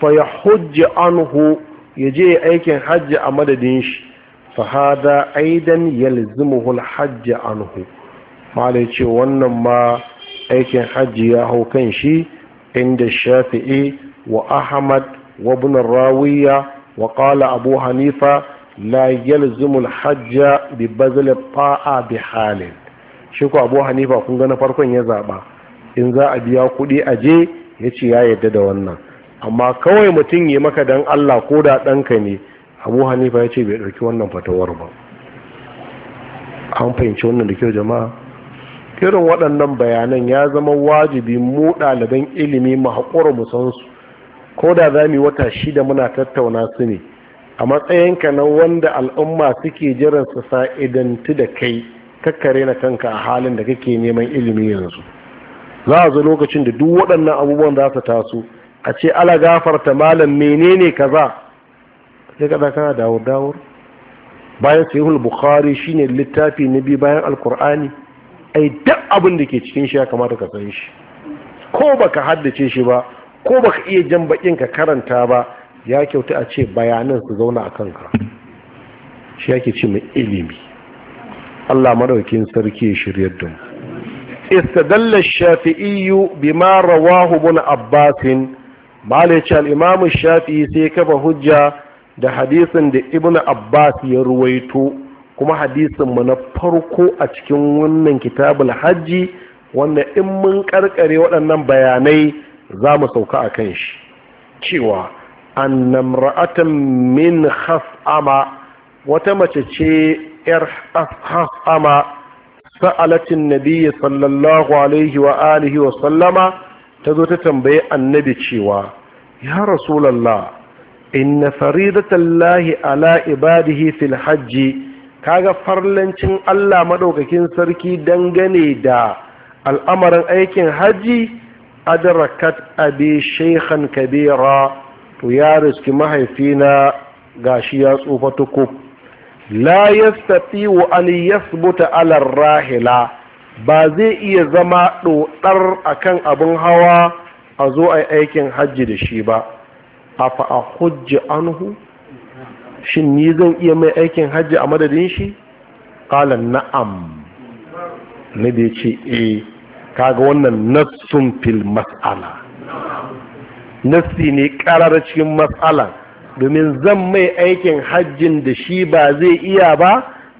fa ya hujji anhu ya je aikin hajji a madadin shi fahada aidan yalzimuhul hajji anhu malai ce wannan ma aikin hajji ya hau kan shi inda shafi'i wa ahmad wa ibn rawiya wa qala abu hanifa la yalzimul hajja bi bazl ta'a bi halin shi ko abu hanifa kun ga na farkon ya zaba in za a biya kuɗi a je ya ce ya yadda da wannan amma kawai mutum yi maka dan Allah ko da ɗanka ne abu hanifa ya ce bai dauki wannan fatawar ba an fahimci wannan da kyau jama'a irin waɗannan bayanan ya zama wajibi mu ɗaliban ilimi mu haƙura mu su ko da za mu wata shida muna tattauna su ne a matsayinka na wanda al'umma suke jiran su sa da kai kakkare na kanka a halin da kake neman ilimi yanzu za a zo lokacin da duk waɗannan abubuwan za su taso a ce ala gafarta malam menene kaza sai kada kana dawo dawo bayan sahihul bukhari shine littafi na biyu bayan alkur'ani ai duk abin da ke cikin shi ya kamata ka san shi ko baka haddace shi ba ko baka iya jan bakin ka karanta ba ya kyauta a ce bayanan su zauna a kanka shi yake ce mai ilimi Allah madaukin sarki ya shiryar da mu istadalla shafi'i bima rawahu ibn abbas malaci al-imam shafi'i sai kafa hujja da hadisin da ibn abbas ya ruwaito kuma hadisinmu na farko a cikin wannan kitabul hajji wanda in mun karkare waɗannan bayanai za mu sauka a kan shi cewa annamra'atan min khas'ama wata mace ce yar khas'ama sa'alatin nabiyyi sallallahu alaihi wa alihi wa sallama ta zo ta tambaye annabi cewa ya rasulallah inna faridatallahi ala ibadihi fil hajji kaga farlancin Allah madaukakin sarki dangane da al'amarin aikin haji adrakat abi shaykhan kabira to ya riski mahaifina gashi ya tsufa tukub la yastati wa an yasbuta ala rahila ba zai iya zama dodar akan abin hawa a zo a aikin haji da shi ba afa a hujji anhu shin ni zan iya mai aikin hajji a madadin shi kala na'am Na ya ce eh kaga wannan nassun fil mas'ala nassi ne karar cikin matsala domin zan mai aikin hajjin da shi ba zai iya ba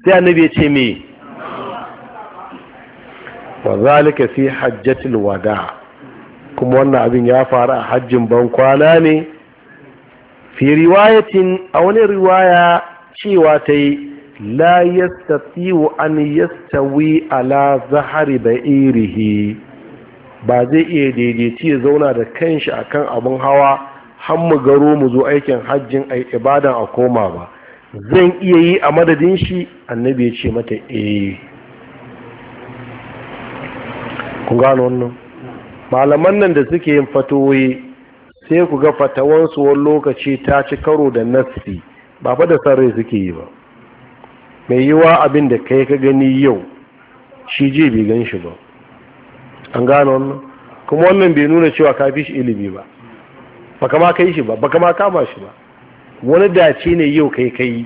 sai annabi ya ce me wa zalika fi hajjatil wada kuma wannan abin ya faru a hajjin ban kwana ne fi riwayatin a wani riwaya cewa ta yi la wa an yastawi ala zahari ba'irihi ba zai iya daidaici ya zauna da kanshi akan abin hawa har mu garo mu zo aikin hajjin ai ibadan a koma ba zan iya yi a madadin shi annabi ya ce mata eh Ku gano wannan malaman nan da suke yin fatoyi sai ku ga fatawansu wani lokaci ta ci karo da nassi ba fa da sarrai suke yi ba mai yiwa abin da kai ka gani yau shi je bai gan shi ba an gano wannan kuma wannan bai nuna cewa ka fi shi ilimi ba kama ma kai shi ba kama ma kama shi ba wani dace ne yau kai kai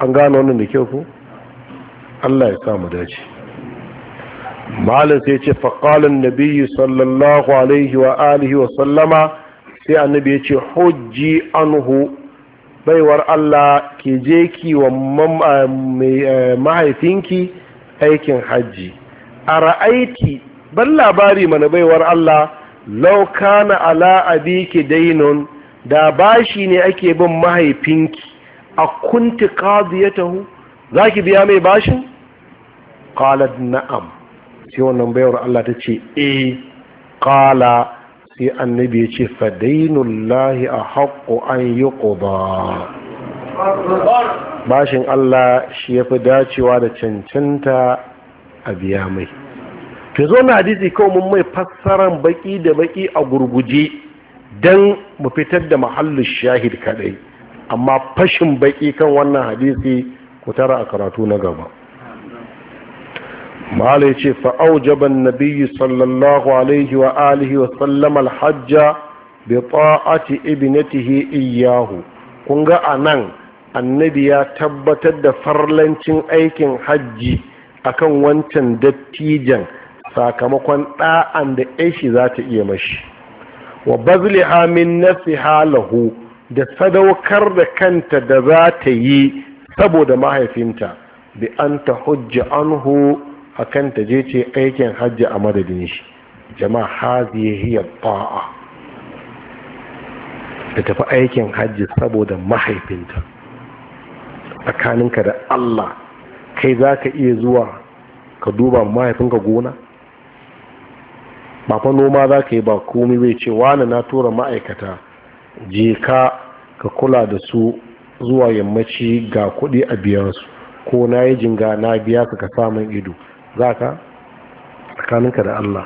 an gano wannan da kyau ko Allah ya samu dace malam sai ce faƙalin nabi sallallahu alaihi wa alihi wa sallama sai annabi ya ce hujji anhu baiwar Allah ke je ki wa eh, eh, mahaifinki aikin hajji a ra'aiki ban labari mana baiwar Allah lauka na ala abiki dainun da bashi ne ake bin mahaifinki a kunti ya Za ki biya mai bashin qalat na'am sai wannan bayar Allah ta ce e kala sai annabi ya ce fadainullahi a haƙo an yi ƙuba bashin Allah shi ya fi dacewa da cancanta a biya mai ke zo na hadisi kawai mun mai fassaran baki da baki a gurguje don mu fitar da mahallin shahid kaɗai, amma fashin baki kan wannan hadisi ku tara a karatu na gaba malai ya ce fa'aujaban nabiyyu sallallahu alaihi wa alihi wa sallam alhajja bi ta'ati ibnatihi iyahu kun ga anan annabi ya tabbatar da farlancin aikin hajji a kan wancan dattijan sakamakon ɗa'an da shi za ta iya mashi wa bazliha min fi halahu da sadaukar da kanta da za ta yi saboda mahaifinta bi an ta hujja anhu akan ta je ce aikin hajji a madadin shi jama'a ya hiya ba'a da tafi aikin hajji saboda mahaifinta tsakaninka da Allah kai za ka iya zuwa ka duba mahaifinka gona ba noma za ka yi ba komai bai ce wani na tura ma'aikata je ka ka kula da su zuwa yammaci ga kuɗi a biyansu ko na yi jinga na biya ka ka samun ido za ka tsakaninka da Allah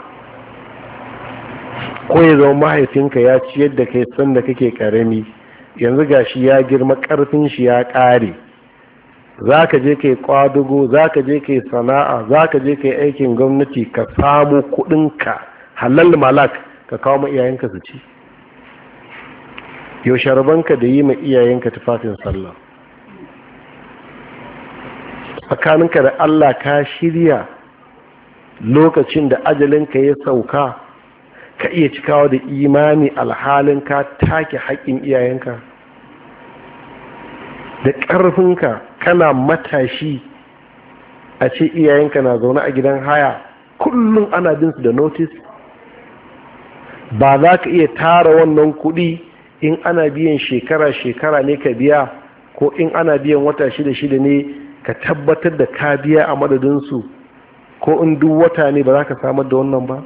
ko ya zama mahaifinka ya ciyar da kai da kake karami yanzu gashi ya girma karfin shi ya ƙare za ka je kai kwadugo za ka je kai sana'a za ka je kai aikin gwamnati ka samu kuɗinka halal malak ka kawo ma iyayenka su ci yaushe rabanka da yi ma iyayenka tufafin sallah tsakaninka da allah ka shirya lokacin da ajalinka ya sauka ka iya cikawa da imani alhalin ka take haƙƙin iyayenka da ƙarfinka kana matashi a ce iyayenka na zaune a gidan haya kullum ana bin su da notice ba za ka iya tara wannan kuɗi in ana biyan shekara-shekara ne ka biya ko in ana biyan wata shida-shida ne ka tabbatar da ka biya a madadinsu ko in duk wata ne ba za ka samar da wannan ba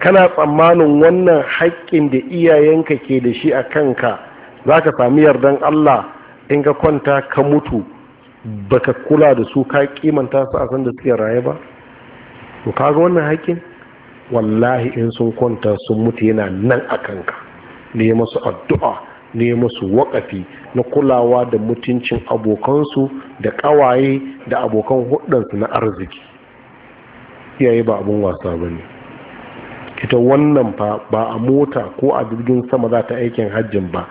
kana tsammanin wannan haƙƙin da iyayenka ke da shi a kanka za ka sami yardan allah in ka kwanta ka mutu ba ka kula da su ka kimanta su a san da suke raye ba to kaga wannan haƙƙin wallahi in sun kwanta sun mutu yana nan a kanka ne masu addu'a ne masu waƙafi na kulawa da mutuncin abokansu da ƙawaye da abokan hudansu na arziki iyaye ba abin wasa ba ne ita wannan fa ba a mota ko a jirgin sama za ta aikin hajjin ba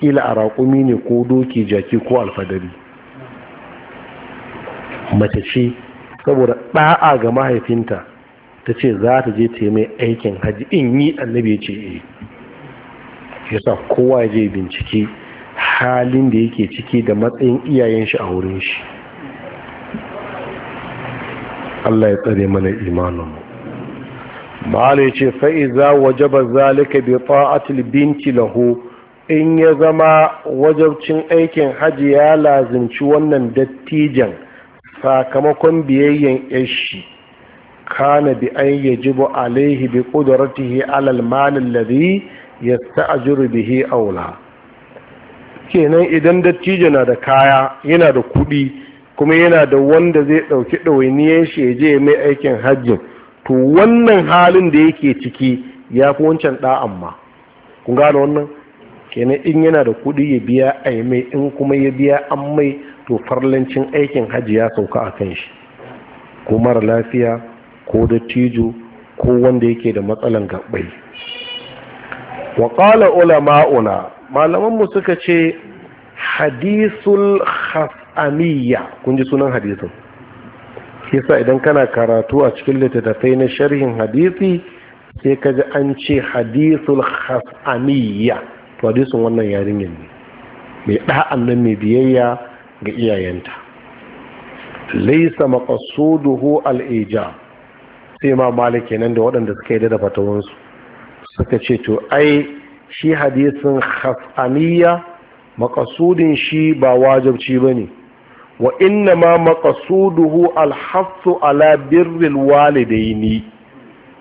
kila a raƙumi ne ko doki jaki ko alfadari mace ce saboda ɗa'a ga mahaifinta ta ce za ta je ta mai aikin hajji in yi annabi ya ce eh yasa kowa ya je bincike halin da yake ciki da matsayin iyayen shi a wurin shi Allah ya tsare mana imaninmu ma'ala ce fa'iza wajaba zalika bi ta'atil binti lahu in ya zama wajabcin aikin hajji ya lazimci wannan dattijan sakamakon biyayyen yashi kana bi an yajibu alaihi bi qudratihi alal malin ladhi yasta'jiru bihi aula kenan idan dattijo na da kaya yana da kuɗi kuma yana da wanda zai ɗauki ɗawainiyar shi ya je mai aikin hajji to wannan halin da yake ciki ya fi wancan ɗa'an ma kun gano wannan kenan in yana da kuɗi ya biya a mai in kuma ya biya an mai to farlancin aikin hajji ya sauka a kan shi ko mara lafiya ko dattijo ko wanda yake da matsalan gaɓɓai wa ƙala ulama'una malamanmu suka ce hadisul khas amiya kun ji sunan hadisin yasa idan kana karatu a cikin littattafai na sharhin hadisi sai ka ji an ce hadisul khas'amiyya to hadisin wannan yarinyar ne mai ɗa'an nan mai biyayya ga iyayenta laisa maqsuduhu al al'ija, sai ma malike nan da waɗanda suka yi da fatawansu suka ce to ai shi hadisin khas'amiyya makasudin shi ba wajabci bane wa inna ma maqasuduhu alhassu ala birril walidaini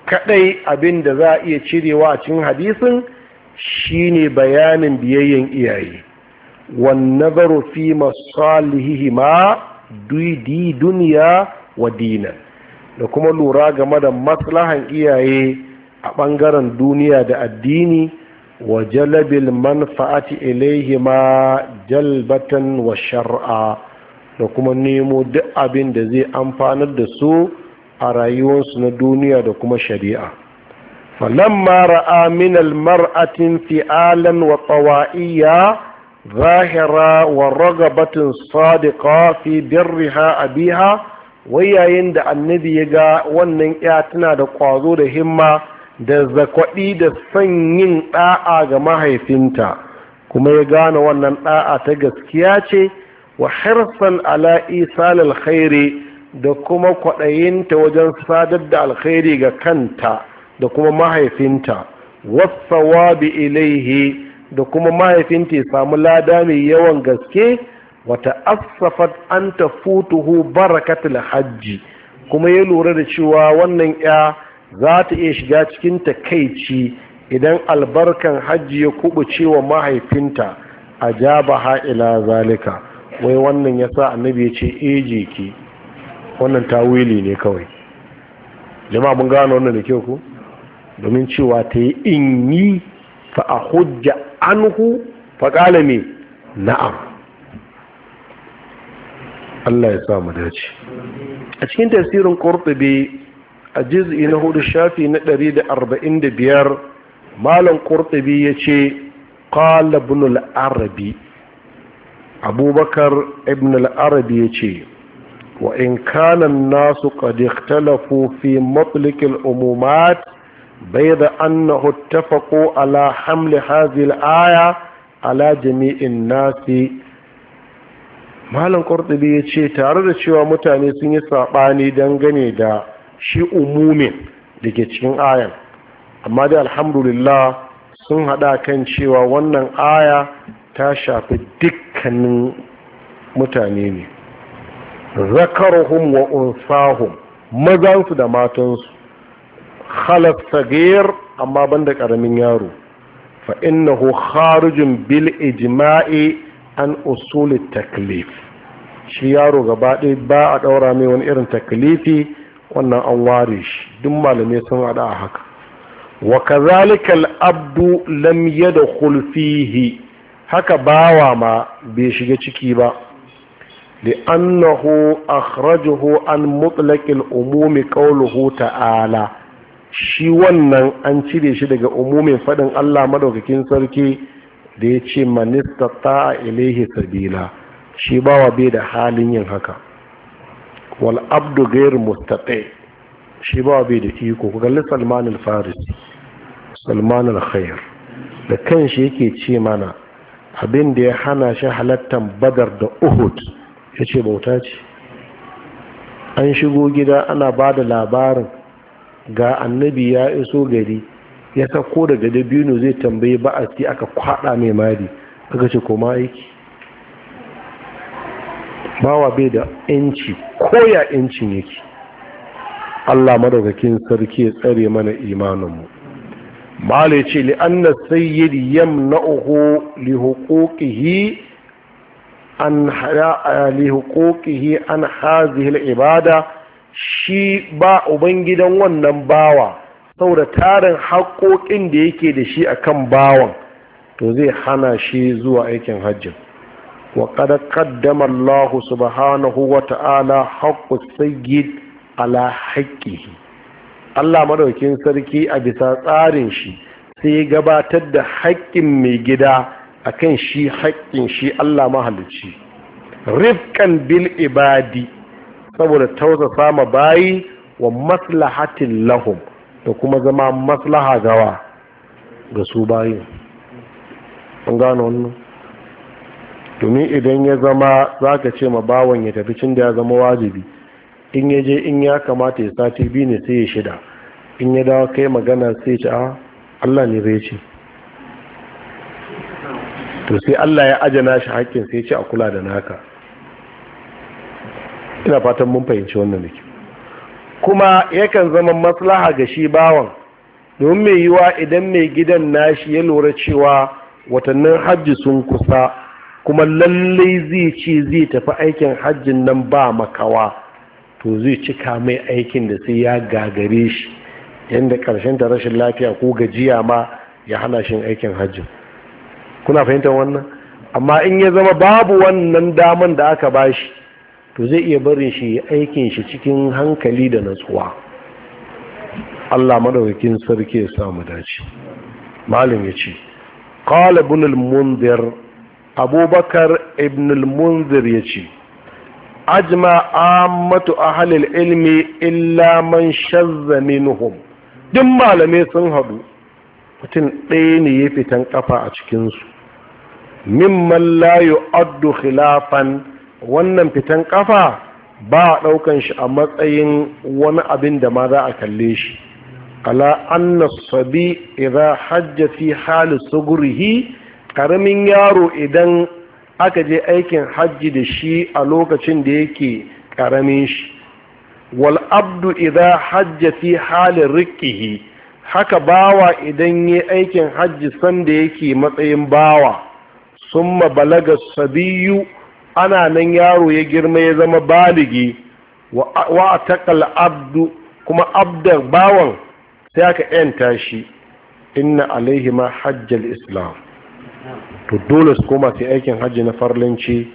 kadai abin da za a iya cirewa a cikin hadisin shine bayanin biyayyen iyaye wan nazaru fi masalihihima duidi duniya wa dinan da kuma lura game da maslahan iyaye a ɓangaren duniya da addini wa jalabil manfa'ati ilaihima jalbatan wa shar'a da kuma nemo duk abin da zai amfanar da su a rayuwarsu na duniya da kuma shari'a falamma Aminal min almar'atin fi'alan wa tawaiya zahira wa raga ragabatin sadiqa fi birriha abiha wai yayin da annabi ya ga wannan ya tana da kwazo da himma da zakwadi da son yin ɗa'a ga mahaifinta kuma ya gane wannan ɗa'a ta gaskiya ce wa harsan ala isal alkhairi da kuma kwaɗayinta wajen sadar da alkhairi ga kanta da kuma mahaifinta wasawabi ilaihi da kuma mahaifinta ya samu lada mai yawan gaske wata asafat an ta futuhu barakatul hajji kuma ya lura da cewa wannan ya za ta iya shiga cikin takaici idan albarkan hajji ya kubuce wa mahaifinta a jaba ila zalika wai wannan ya sa annabi ya ce eje eh, ki wannan tawili ne kawai jama'a mun gano wannan da kyau ku domin cewa ta yi in yi fa a hujja anhu fa kala me na'am Allah ya sa mu dace a cikin tasirin Qurtubi a juz'i na hudu shafi na ɗari da da arba'in 145 malam ya yace qala ibn al-arabi abubakar ibn al-arabi ya ce wa in kana nasu qad ikhtalafu fi matliq al-umumat bayda annahu ittafaqu ala hamli hadhihi aya ala jami'in nasi malam qurtubi ya ce tare da cewa mutane sun yi sabani dangane da shi umumin da ke cikin ayan amma dai alhamdulillah sun haɗa kan cewa wannan aya ta shafi dukkanin mutane ne zakarhum wa unsahum mazansu da matansu khalas sagir amma banda karamin yaro fa innahu kharijun bil ijma'i an usul taklif shi yaro gaba ɗaya ba a ɗaura mai wani irin taklifi wannan an ware shi duk malamai sun haɗa a haka wa kazalika al-abdu lam yadkhul haka bawa ma bai shiga ciki ba li'annahu akhrajahu an mutlaqil umumi qawluhu ta'ala shi wannan an cire shi daga umumin fadin Allah madaukakin sarki da ya ce manistata ilaihi sabila shi bawa bai da halin yin haka wal abdu ghair mustaqi shi bawa bai da iko ga Salman al-Farisi Salman al-Khair da kanshi yake ce mana abin da ya hana shi halattar badar da uhud ya ce bauta ce an shigo gida ana ba da labarin ga annabi ya iso gari ya sako daga dabino zai tambayi ba'asi aka kwada mai mari aka ce koma aiki bawa bai da yanci koya yancin yake Allah madaukakin sarki ya tsare mana imaninmu mala ya ce li'annar sayyid yamna'uhu li hukukihi an li an hazihil ibada shi ba ubangidan wannan bawa saboda tarin haƙoƙin da yake da shi akan bawan to zai hana shi zuwa aikin hajjin wa qad qaddama Allah subhanahu wa ta'ala haqqus sayyid ala haqqihi Allah maɗaukin sarki a bisa tsarin shi sai ya gabatar da haƙƙin mai gida a kan shi haƙƙin shi Allah mahalicci rifkan bil ibadi saboda tausa sama bayi wa maslahatin lahum da kuma zama maslaha gawa ga su bayi. an gano wannan domin idan ya zama za ka ce ma bawon ya tafi cin da ya zama wajibi in ya je in ya kamata ya sati biyu ne sai ya shida in ya dawo kai magana sai ce a Allah ne zai ce to sai Allah ya ajana shi hakkin sai ce a kula da naka ina fatan mun fahimci wannan da ke kuma yakan zama maslaha ga shi bawan don mai yiwa idan mai gidan nashi ya lura cewa watannin hajji sun kusa kuma lallai zai ce zai tafi aikin hajjin nan ba makawa to zai cika mai aikin da sai ya gagare shi yadda ƙarshen ta rashin lafiya ko gajiya ma ya hana shi aikin hajji kuna fahimtar wannan amma in ya zama babu wannan daman da aka bashi to zai iya barin shi aikin shi cikin hankali da natsuwa Allah madaukakin sarki ya samu dace malam ya ce qala ibn al-munzir abubakar ibn al-munzir ya ce ajma ammatu ahlil ilmi illa man shazza minhum duk malamai sun haɗu mutum ɗaya ne ya fitan ƙafa a cikinsu mimman la Addu khilafan wannan fitan ƙafa ba a ɗaukan shi a matsayin wani abin da ma za a kalle shi ala anna sabi idza hajja fi hali sugurihi ƙaramin yaro idan aka je aikin hajji da shi a lokacin da yake karamin shi wal abdu idza hajja fi halin riqihi haka bawa idan yi aikin hajji sanda yake matsayin bawa summa balaga sabiyu ana nan yaro ya girma ya zama baligi wa takal abdu kuma abda bawan sai aka yanta shi inna alaihi ma hajjal islam to dole su koma su aikin hajji na farlanci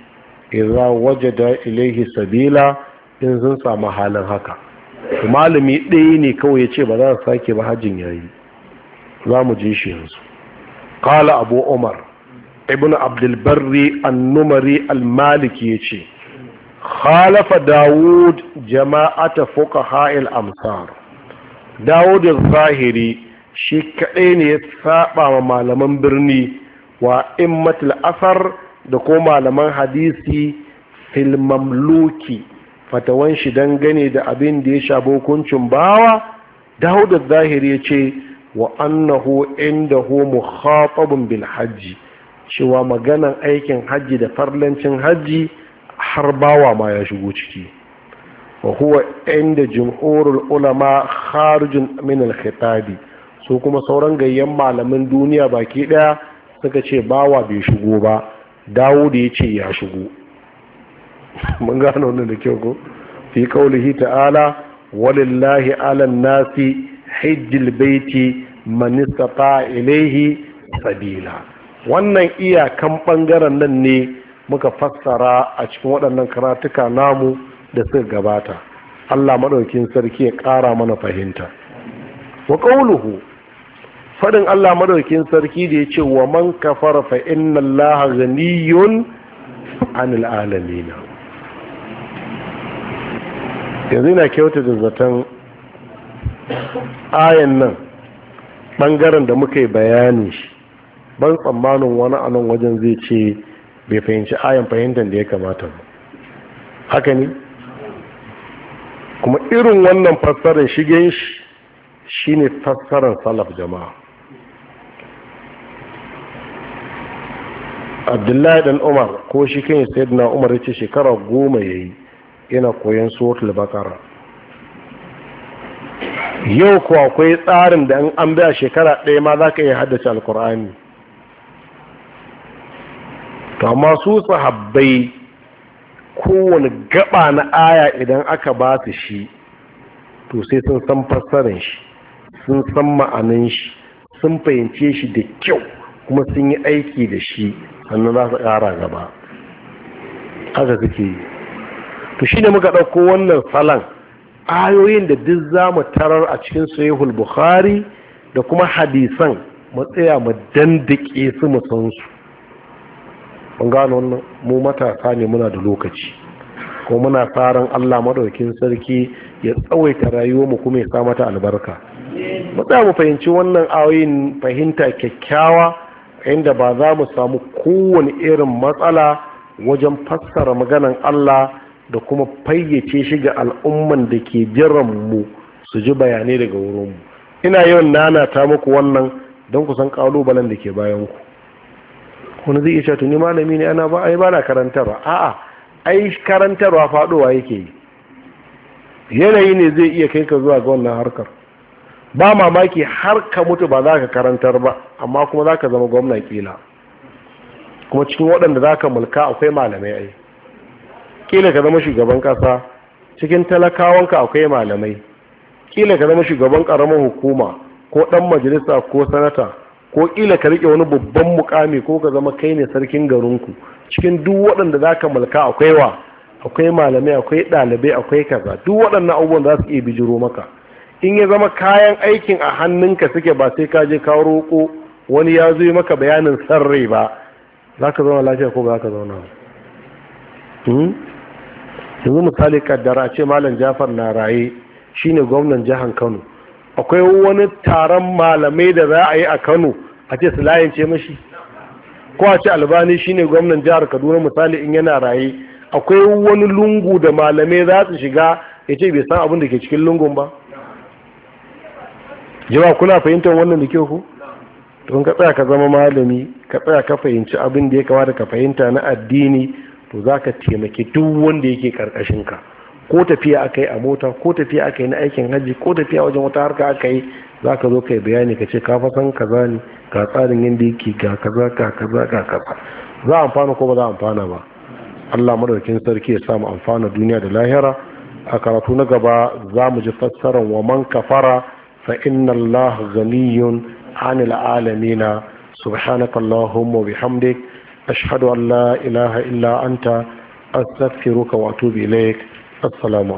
idza da ilaihi sabila in sun samu halin haka malami ɗaya ne kawai ya ce ba za su sake ba hajjin yayi za mu je shi yanzu qala abu umar ibn abdul barri an-numari al-maliki yace khalafa dawud jama'ata fuqaha al-amsar dawud az-zahiri shi kadai ne ya saba ma malaman birni wa immatul asar da ko malaman hadisi fil mamluki fatawan shi dangane da abin da ya shafi hukuncin bawa dawud zahiri ya ce wa annahu indahu mukhatabun bil hajji cewa maganan aikin hajji da farlancin hajji har bawa ma ya shigo ciki wa huwa inda jumhurul ulama kharijun min al-khitabi su kuma sauran gayyan malamin duniya baki daya suka ce bawa bai shigo ba dawo da ya ce ya shigo mun gano wannan da kyau ko fi kaulihi ta'ala walillahi ala nasi hajjil baiti man istata ilaihi sabila wannan iyakan bangaren nan ne muka fassara a cikin waɗannan karatuka namu da suka gabata Allah madaukin sarki ya ƙara mana fahimta wa qauluhu fadin Allah madaukin sarki da ya ce wa man kafara fa inna Allah ghaniyun anil alamin yanzu na kyauta da zaton ayan nan bangaren da muka yi bayani shi ban tsammanin wani anan wajen zai ce bai fahimci ayan fahimtar da ya kamata ba haka ne kuma irin wannan fassarar shigen shi shine fassarar salaf jama'a abdullahi dan umar ko shi kan sayyidina umar ya ce shekara goma ya yi yana koyon suratul bakara yau kuwa akwai tsarin da an biya shekara ɗaya ma za ka iya haddace alkur'ani to amma su sahabbai kowane gaba na aya idan aka ba su shi to sai sun san fassarin shi sun san ma'anin shi sun fahimce shi da kyau kuma sun yi aiki da shi sannan za su ƙara gaba haka suke yi to shi ne muka ɗauko wannan salan, ayoyin da duk za mu tarar a cikin sahihul bukhari da kuma hadisan mu tsaya mu dandake su mu san mun gano wannan mu matasa ne muna da lokaci ko muna faran Allah madaukin sarki ya tsawaita rayuwar mu kuma ya sa mata albarka mu mu fahimci wannan ayoyin fahimta kyakkyawa inda ba za mu samu kowane irin matsala wajen fassara maganan Allah da kuma fayyace shi ga al'umman da ke mu su ji bayanai daga wurinmu ina yawan nanata muku wannan don ku san kalubalen da ke bayanku wani zai iya tuni malami ne ana ba ai ba na karantarwa a'a ai karantarwa faɗowa yake yi yanayi ne zai iya kai ka zuwa ga wannan harkar ba mamaki har ka mutu ba za ka karantar ba amma kuma za ka zama gwamna kila kuma cikin waɗanda za ka mulka akwai malamai ai kila ka zama shugaban ƙasa cikin talakawanka akwai malamai kila ka zama shugaban ƙaramar hukuma ko ɗan majalisa ko sanata ko kila ka riƙe wani babban mukami ko ka zama kai ne sarkin garinku cikin duk waɗanda za ka mulka akwai wa akwai malamai akwai ɗalibai akwai kaza duk waɗannan abubuwan za su iya bijiro maka in ya zama kayan aikin a hannunka suke ba sai ka je ka roƙo wani ya zo maka bayanin sarrai ba za ka zauna lafiya ko ba za ka zauna hmm? yanzu misali kaddara ce malam jafar na raye shine gwamnan jihar kano akwai wani taron malamai da za a yi a kano a ce su layance mashi ko a ce albani shine gwamnan jihar kaduna misali in yana raye akwai wani lungu da malamai za su shiga ya ce bai san abin da ke cikin lungun ba jama kuna fahimtar wannan da kyau ku don ka tsaya ka zama malami ka tsaya ka fahimci abin da ya kamata ka fahimta na addini to za ka taimaki duk wanda yake karkashin ka ko tafiya aka yi a mota ko tafiya aka yi na aikin hajji ko tafiya wajen wata harka aka yi za ka zo ka yi bayani ka ce ka fa san kaza ne ga tsarin yadda yake ga kaza ga kaza ga kaza za a amfana ko ba za a amfana ba Allah madaukin sarki ya samu amfana duniya da lahira a karatu na gaba za mu ji fassarar wa man kafara fa inna allaha ghaniyun 'anil 'alamin subhanaka allahumma bihamdik ashhadu an la ilaha illa anta astaghfiruka wa atubu ilaik assalamu